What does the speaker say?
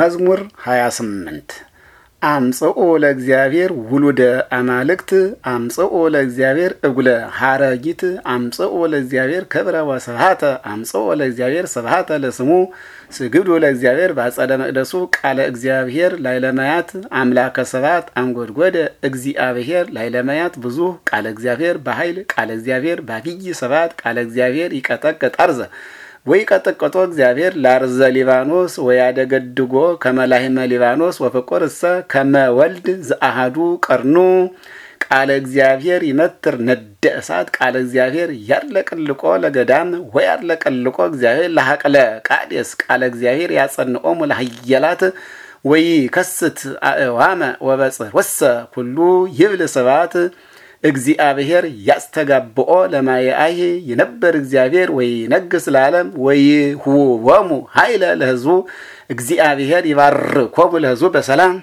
መዝሙር 28 አምጽኦ ለእግዚአብሔር ውሉደ አማልክት አምጽኦ ለእግዚአብሔር እጉለ ሐረጊት አምጽኦ ለእግዚአብሔር ከብረ ወስብሃተ አምጽኦ ለእግዚአብሔር ስብሃተ ለስሙ ስግዱ ለእግዚአብሔር ባጸደ መቅደሱ ቃለ እግዚአብሔር ላይለመያት አምላከ ሰባት አንጎድጎደ እግዚአብሔር ላይለመያት ብዙ ቃለ እግዚአብሔር በኃይል ቃለ እግዚአብሔር ባቢይ ሰባት ቃለ እግዚአብሔር ይቀጠቅጥ አርዘ ወይቀጠቅጦ እግዚአብሔር ላርዘ ሊባኖስ ወያደገድጎ ከመላህመ ሊባኖስ ወፈቆርሰ ከመወልድ ዘአሃዱ ቀርኑ ቃለ እግዚአብሔር ይመትር ነደ እሳት ቃለ እግዚአብሔር ያርለቅልቆ ለገዳም ወያርለቅልቆ እግዚአብሔር ለሀቅለ ቃዴስ ቃለ እግዚአብሔር ያጸንኦሙ ለሀየላት ወይ ከስት አእዋመ ወበጽር ወሰ ኩሉ ይብል ስባት እግዚአብሔር ያስተጋብኦ ለማየአይ የነበር እግዚአብሔር ወይ ነግስ ለዓለም ወይ ሁወሙ ኃይለ ለህዝቡ እግዚአብሔር ይባርኮሙ ለህዝቡ በሰላም